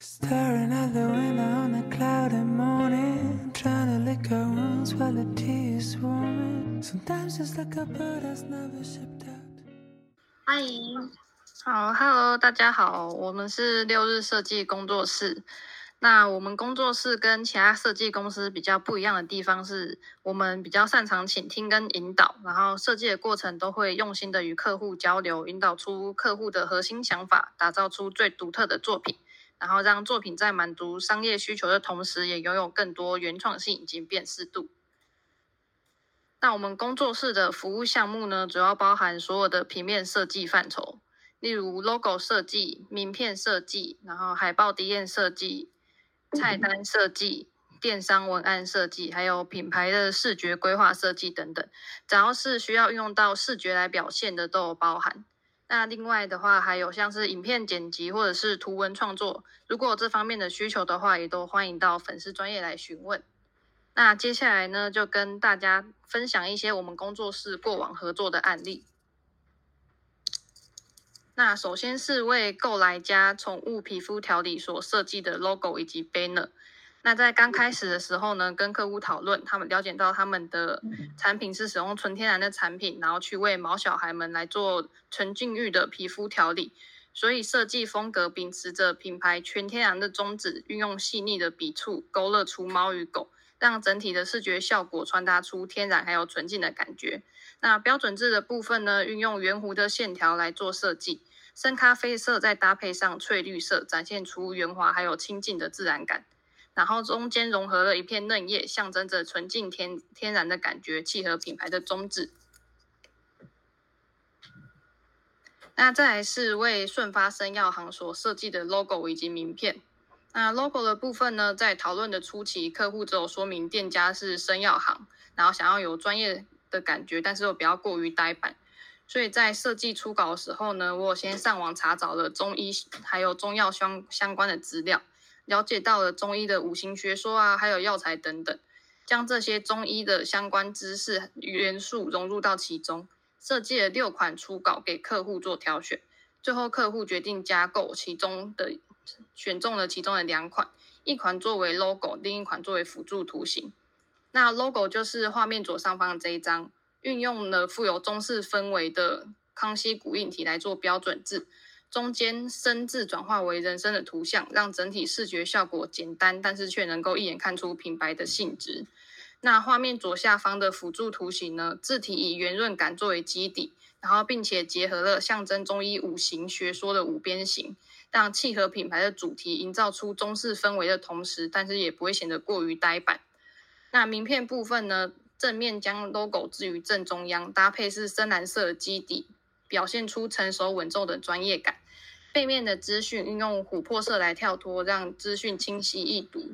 歡迎，好，Hello，大家好，我們是六日設計工作室。那我們工作室跟其他設計公司比較不一樣的地方是，我們比較擅長傾聽跟引導，然後設計的過程都會用心的與客戶交流，引導出客戶的核心想法，打造出最獨特的作品。然後讓作品在滿足商業需求的同時，也擁有更多原創性以及辨識度。那我們工作室的服務項目呢，主要包含所有的平面設計範疇，例如 LOGO 設計、名片設計，然後海報、DM 設計、菜單設計、電商文案設計，還有品牌的視覺規劃設計等等，只要是需要運用到視覺來表現的，都有包含。那另外的話，還有像是影片剪輯或者是圖文創作，如果有這方面的需求的話，也都歡迎到粉絲專業來詢問。那接下來呢，就跟大家分享一些我們工作室過往合作的案例。那首先是為購來家寵物皮膚調理所設計的 logo 以及 banner。那在剛開始的時候呢，跟客戶討論，他們了解到他們的產品是使用純天然的產品，然後去為毛小孩們來做純淨浴的皮膚調理。所以設計風格秉持着品牌全天然的宗旨，運用細膩的筆觸勾勒出貓與狗，讓整體的視覺效果傳達出天然還有純淨的感覺。那標準字的部分呢，運用圓弧的線條來做設計，深咖啡色再搭配上翠綠色，展現出圓滑還有清靜的自然感。然後中間融合了一片嫩葉，象徵着純淨天天然的感覺，契合品牌的宗旨。那再來是為順發生藥行所設計的 logo 以及名片。那 logo 的部分呢，在討論的初期，客戶只有說明店家是生藥行，然後想要有專業的感覺，但是又不要過於呆板。所以在設計初稿的時候呢，我先上網查找了中醫還有中藥相相關的資料。了解到了中醫的五行學說啊，還有藥材等等，將這些中醫的相關知識元素融入到其中，設計了六款初稿給客戶做挑選，最後客戶決定加購其中的，選中了其中的兩款，一款作為 logo，另一款作為輔助圖形。那 logo 就是畫面左上方的這一張，運用了富有中式氛圍的康熙古印體來做標準字。中間生字轉化為人生的圖像，讓整體視覺效果簡單，但是卻能夠一眼看出品牌的性質。那畫面左下方的輔助圖形呢？字體以圓潤感作為基底，然後並且結合了象徵中醫五行學說的五邊形，讓契合品牌的主題，營造出中式氛圍的同時，但是也不會顯得過於呆板。那名片部分呢？正面將 logo 置於正中央，搭配是深藍色的基底，表現出成熟穩重的專業感。背面的資訊運用琥珀色來跳脫，讓資訊清晰易讀。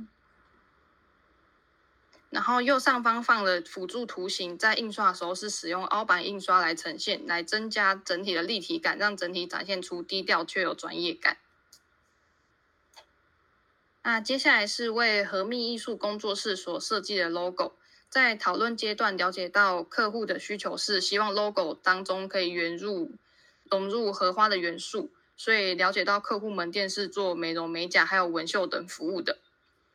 然後右上方放了輔助圖形，在印刷的時候是使用凹版印刷來呈現，來增加整體的立體感，讓整體展現出低調卻有專業感。那接下來是為和密藝術工作室所設計的 logo，在討論階段了解到客戶的需求是希望 logo 當中可以融入融入荷花的元素。所以了解到客戶門店是做美容、美甲還有紋繡等服務的。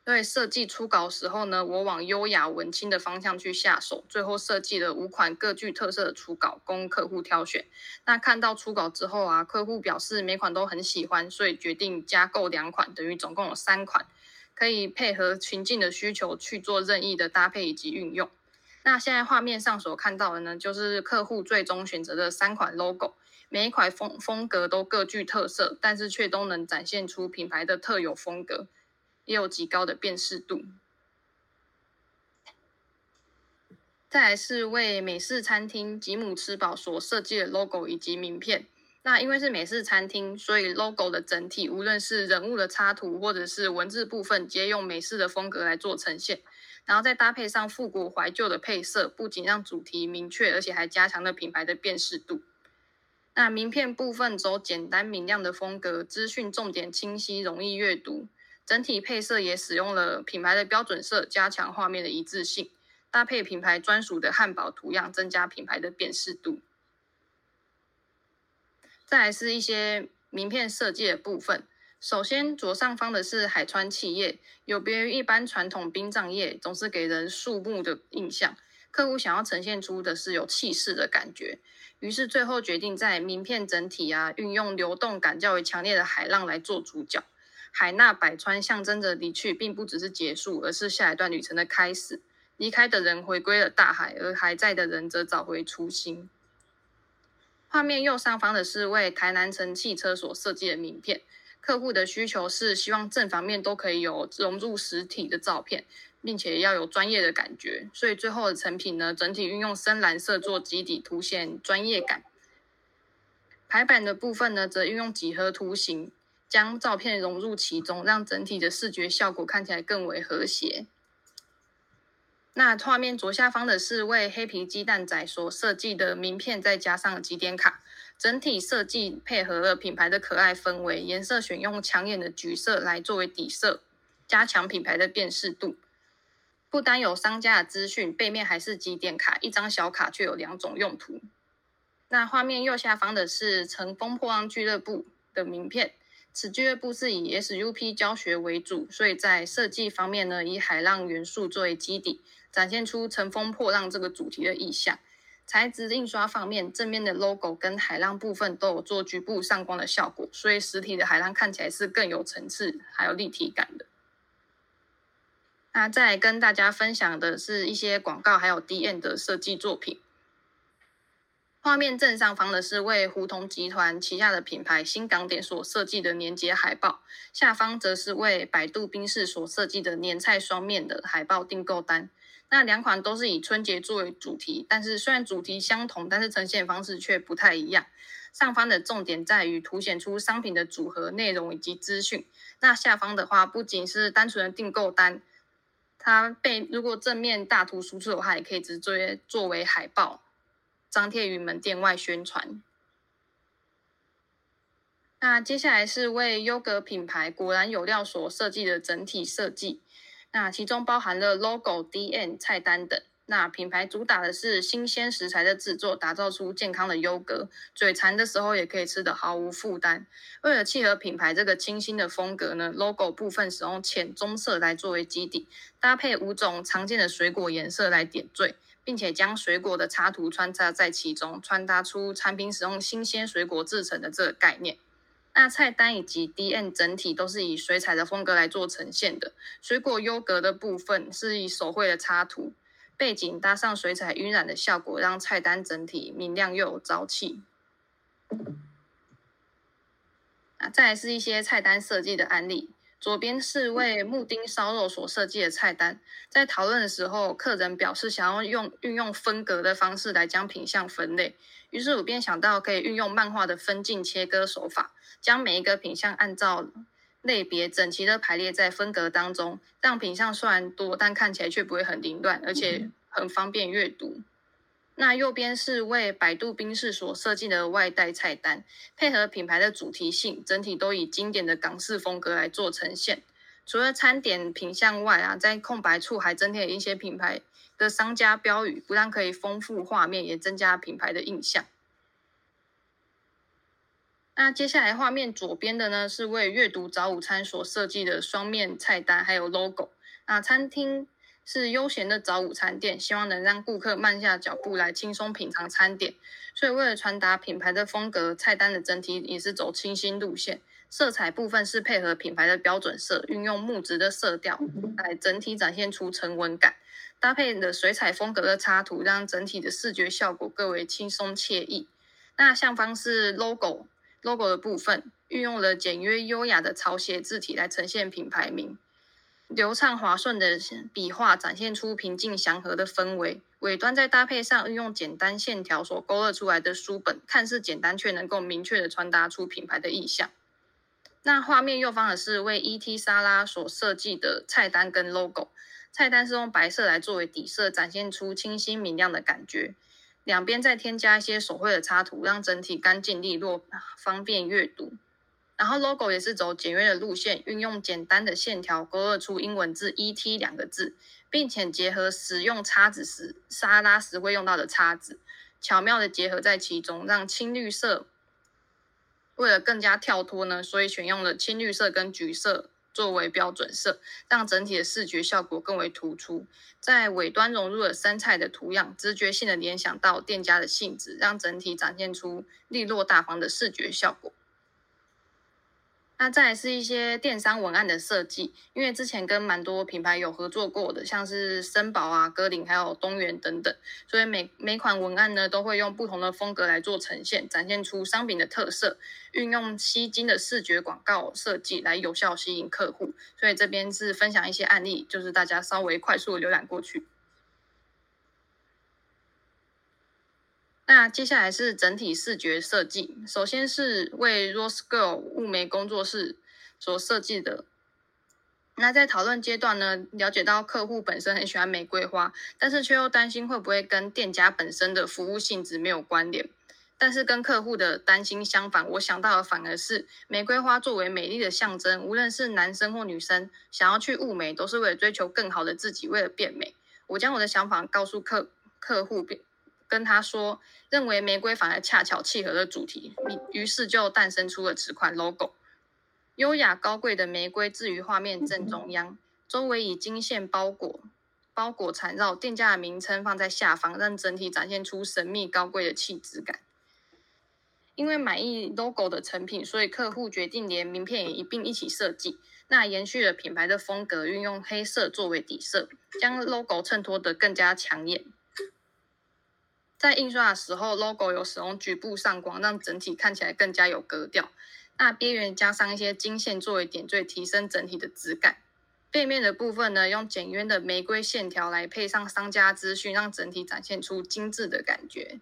對設計初稿時候呢，我往優雅、文青的方向去下手，最後設計了五款各具特色的初稿供客戶挑選。那看到初稿之後啊，客戶表示每款都很喜歡，所以決定加購兩款，等於總共有三款，可以配合情境的需求去做任意的搭配以及運用。那現在畫面上所看到的呢，就是客戶最終選擇的三款 logo。每一款風風格都各具特色，但是卻都能展現出品牌的特有風格，也有極高的辨識度。再來是為美式餐廳吉姆吃飽所設計的 logo 以及名片。那因為是美式餐廳，所以 logo 的整體無論是人物的插圖或者是文字部分，皆用美式的風格來做呈現。然後再搭配上復古懷舊的配色，不僅讓主題明確，而且還加強了品牌的辨識度。那名片部分走簡單明亮的風格，資訊重點清晰，容易閱讀。整體配色也使用了品牌的標準色，加強畫面的一致性，搭配品牌專屬的漢堡圖樣，增加品牌的辨識度。再來是一些名片設計的部分。首先左上方的是海川企業，有別於一般傳統殯葬業，總是給人肅穆的印象。客戶想要呈現出的是有氣勢的感覺，於是最後決定在名片整體啊，運用流動感較為強烈的海浪來做主角。海納百川象徵着離去，並不只是結束，而是下一段旅程的開始。離開的人回歸了大海，而還在的人則找回初心。畫面右上方的是為台南城汽車所設計的名片。客戶的需求是希望正反面都可以有融入實體的照片。並且要有專業的感覺，所以最後的成品呢，整體運用深藍色做基底，凸顯專業感。排版的部分呢，則運用幾何圖形將照片融入其中，讓整體的視覺效果看起來更為和諧。那畫面左下方的是為黑皮雞蛋仔所設計的名片，再加上集點卡，整體設計配合了品牌的可愛氛圍，顏色選用搶眼的橘色來作為底色，加強品牌的辨識度。不單有商家的資訊，背面還是積點卡，一張小卡卻有兩種用途。那畫面右下方的是乘風破浪俱樂部的名片，此俱樂部是以 SUP 教學為主，所以在設計方面呢，以海浪元素作為基底，展現出乘風破浪這個主題的意象。材質印刷方面，正面的 logo 跟海浪部分都有做局部上光的效果，所以實體的海浪看起來是更有層次，還有立體感的。那、啊、再跟大家分享的是一些廣告還有 DM 的設計作品。畫面正上方的是為胡同集團旗下的品牌新港點所設計的年節海報，下方則是為百度冰室所設計的年菜雙面的海報訂購單。那兩款都是以春節作為主題，但是雖然主題相同，但是呈現方式卻不太一樣。上方的重點在於凸顯出商品的組合內容以及資訊，那下方的話不僅是單純的訂購單。它被如果正面大圖輸出的話，也可以直接作為海報張貼於門店外宣傳。那接下來是為優格品牌“果然有料”所設計的整體設計，那其中包含了 logo、DM、菜單等。那品牌主打的是新鮮食材的製作，打造出健康的優格。嘴饞的時候也可以吃得毫無負擔。為了契合品牌這個清新的風格呢，logo 部分使用淺棕色來作為基底，搭配五種常見的水果顏色來點綴，並且將水果的插圖穿插在其中，穿插出產品使用新鮮水果製成的這個概念。那菜單以及 DM 整體都是以水彩的風格來做呈現的。水果優格的部分是以手繪的插圖。背景搭上水彩暈染的效果，讓菜單整體明亮又有朝氣。啊，再來是一些菜單設計的案例。左邊是為木丁燒肉所設計的菜單，在討論的時候，客人表示想要用運用分格的方式來將品項分類，於是我便想到可以運用漫畫的分鏡切割手法，將每一個品項按照類別整齊的排列在分格當中，讓品項雖然多，但看起來卻不會很凌亂，而且很方便閱讀。嗯、那右邊是為百度冰室所設計的外帶菜單，配合品牌的主題性，整體都以經典的港式風格來做呈現。除了餐點品項外啊，在空白處還增添了一些品牌的商家標語，不但可以豐富畫面，也增加品牌的印象。那接下來畫面左邊的呢，是為閱讀早午餐所設計的雙面菜單，還有 logo。那餐廳是悠閒的早午餐店，希望能讓顧客慢下腳步來輕鬆品嘗餐點。所以為了傳達品牌的風格，菜單的整體也是走清新路線。色彩部分是配合品牌的標準色，運用木質的色調來整體展現出沉穩感，搭配了水彩風格的插圖，讓整體的視覺效果更為輕鬆愜意。那上方是 logo。logo 的部分運用了簡約優雅的草寫字體來呈現品牌名，流暢滑順的筆畫展現出平靜祥和的氛圍。尾端再搭配上運用簡單線條所勾勒出來的書本，看似簡單卻能夠明確的傳達出品牌的意象。那畫面右方的是為 ET 沙拉所設計的菜單跟 logo，菜單是用白色來作為底色，展現出清新明亮的感覺。兩邊再添加一些手繪的插圖，讓整體乾淨利落，方便閱讀。然後 logo 也是走簡約的路線，運用簡單的線條勾勒出英文字 ET 兩個字，並且結合使用叉子時，沙拉時會用到的叉子，巧妙的結合在其中，讓青綠色。為了更加跳脫呢，所以選用了青綠色跟橘色。作為標準色，讓整體的視覺效果更為突出。在尾端融入了杉菜的圖樣，直覺性的聯想到店家的性質，讓整體展現出利落大方的視覺效果。那再來是一些電商文案的設計，因為之前跟蠻多品牌有合作過的，像是聲寶啊、歌林、還有東元等等，所以每每款文案呢，都會用不同的風格來做呈現，展現出商品的特色，運用吸睛的視覺廣告設計來有效吸引客戶。所以這邊是分享一些案例，就是大家稍微快速的瀏覽過去。那接下來是整體視覺設計。首先是為 Rose Girl 霧眉工作室所設計的。那在討論階段呢，了解到客戶本身很喜歡玫瑰花，但是卻又擔心會不會跟店家本身的服務性質沒有關聯。但是跟客戶的擔心相反，我想到的反而是玫瑰花作為美麗的象徵，無論是男生或女生，想要去霧眉都是為了追求更好的自己，為了變美。我將我的想法告訴客客戶變。跟他說，認為玫瑰反而恰巧契合了主題，於是就誕生出了此款 logo。優雅高貴的玫瑰置於畫面正中央，周圍以金線包裹、包裹纏繞，店家的名稱放在下方，讓整體展現出神秘高貴的氣質感。因為滿意 logo 的成品，所以客戶決定連名片也一併一起設計。那延續了品牌的風格，運用黑色作為底色，將 logo 襯托得更加搶眼。在印刷的時候，logo 有使用局部上光，讓整體看起來更加有格調。那邊緣加上一些金線作為點綴，提升整體的質感。背面的部分呢，用簡約的玫瑰線條來配上商家資訊，讓整體展現出精緻的感覺。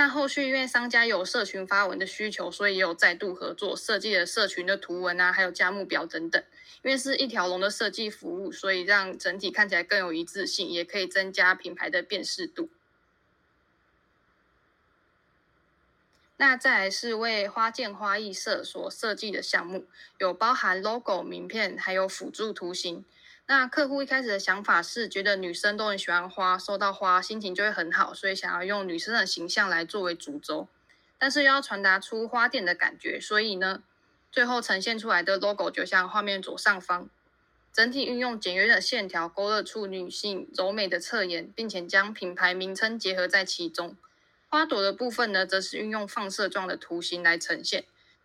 那後續因為商家有社群發文的需求，所以也有再度合作設計了社群的圖文啊，還有價目表等等。因為是一條龍的設計服務，所以讓整體看起來更有一致性，也可以增加品牌的辨識度。那再來是為花見花藝社所設計的項目，有包含 logo、名片還有輔助圖形。那客戶一開始的想法是覺得女生都很喜歡花，收到花心情就會很好，所以想要用女生的形象來作為主軸，但是又要傳達出花店的感覺，所以呢，最後呈現出來的 logo 就像畫面左上方，整體運用簡約的線條勾勒出女性柔美的側顏，並且將品牌名稱結合在其中。花朵的部分呢，則是運用放射狀的圖形來呈現，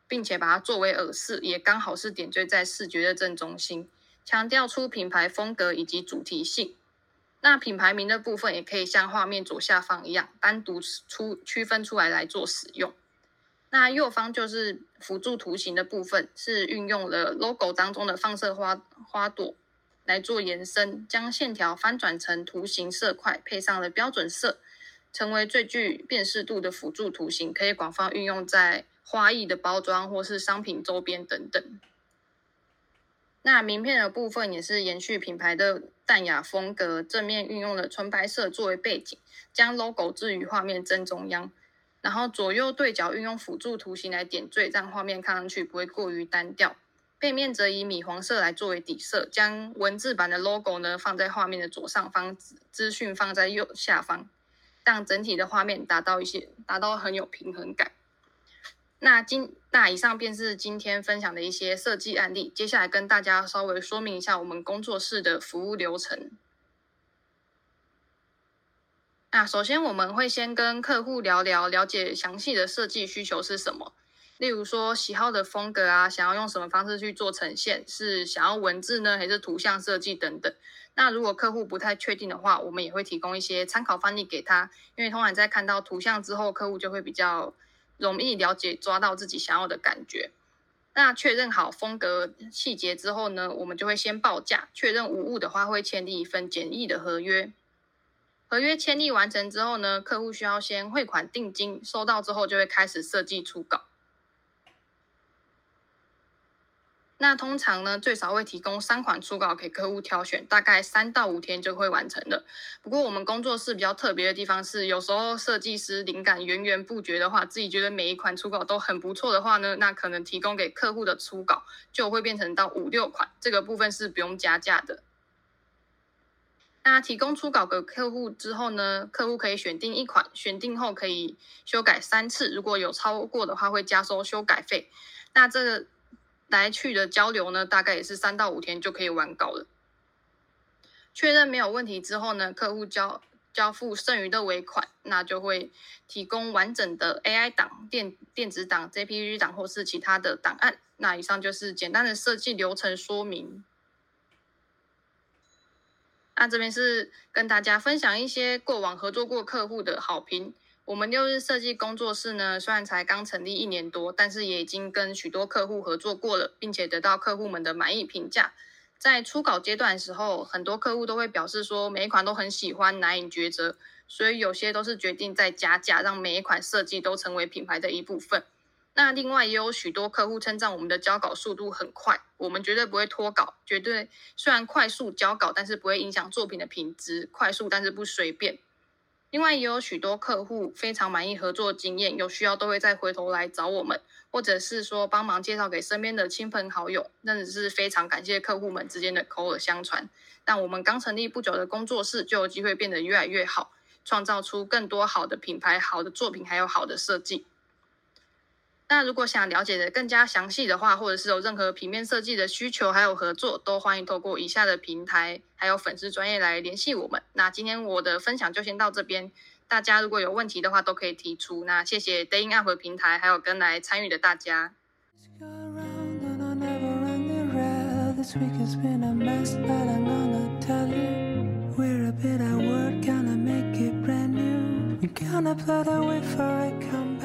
並且把它作為耳飾，也剛好是點綴在視覺的正中心。強調出品牌風格以及主題性，那品牌名的部分也可以像畫面左下方一樣單獨出區分出來來做使用。那右方就是輔助圖形的部分，是運用了 logo 當中的放射花花朵來做延伸，將線條翻轉成圖形色塊，配上了標準色，成為最具辨識度的輔助圖形，可以廣泛運用在花藝的包裝或是商品周邊等等。那名片的部分也是延續品牌的淡雅風格，正面運用了純白色作為背景，將 logo 置於畫面正中央，然後左右對角運用輔助圖形來點綴，讓畫面看上去不會過於單調。背面則以米黃色來作為底色，將文字版的 logo 呢放在畫面的左上方，資訊放在右下方，讓整體的畫面達到一些，達到很有平衡感。那今，那以上便是今天分享的一些設計案例。接下來跟大家稍微說明一下我們工作室的服務流程。那首先我們會先跟客戶聊聊，了解詳細的設計需求是什麼，例如說喜好的風格啊，想要用什麼方式去做呈現，是想要文字呢，還是圖像設計等等。那如果客戶不太確定的話，我們也會提供一些參考範例給他，因為通常在看到圖像之後，客戶就會比較。容易了解，抓到自己想要的感覺。那確認好風格細節之後呢，我們就會先報價，確認無誤的話，會簽訂一份簡易的合約。合約簽訂完成之後呢，客戶需要先匯款定金，收到之後就會開始設計初稿。那通常呢，最少會提供三款初稿給客戶挑選，大概三到五天就會完成的。不過我們工作室比較特別的地方是，有時候設計師靈感源源不絕的話，自己覺得每一款初稿都很不錯的話呢，那可能提供給客戶的初稿就會變成到五六款，這個部分是不用加價的。那提供初稿給客戶之後呢，客戶可以選定一款，選定後可以修改三次，如果有超過的話會加收修改費。那這個，來去的交流呢，大概也是三到五天就可以完稿了。確認沒有問題之後呢，客戶交交付剩餘的尾款，那就會提供完整的 AI 檔、電電子檔、JPG 檔或是其他的檔案。那以上就是簡單的設計流程說明。那這邊是跟大家分享一些過往合作過客戶的好評。我們六日設計工作室呢，雖然才剛成立一年多，但是也已經跟許多客戶合作過了，並且得到客戶們的滿意評價。在初稿階段的時候，很多客戶都會表示說每一款都很喜歡，難以抉擇，所以有些都是決定再加價，讓每一款設計都成為品牌的一部分。那另外也有許多客戶稱讚我們的交稿速度很快，我們絕對不會拖稿，絕對雖然快速交稿，但是不會影響作品的品質，快速但是不隨便。另外也有許多客戶非常滿意合作經驗，有需要都會再回頭來找我們，或者是說幫忙介紹給身邊的親朋好友，那只是非常感謝客戶們之間的口耳相傳，但我們剛成立不久的工作室就有機會變得越來越好，創造出更多好的品牌、好的作品還有好的設計。那如果想了解的更加詳細的話，或者是有任何平面設計的需求，還有合作，都歡迎透過以下的平台，還有粉絲專業來聯繫我們。那今天我的分享就先到這邊，大家如果有問題的話，都可以提出。那謝謝 DayinUP 平台，還有跟來參與的大家。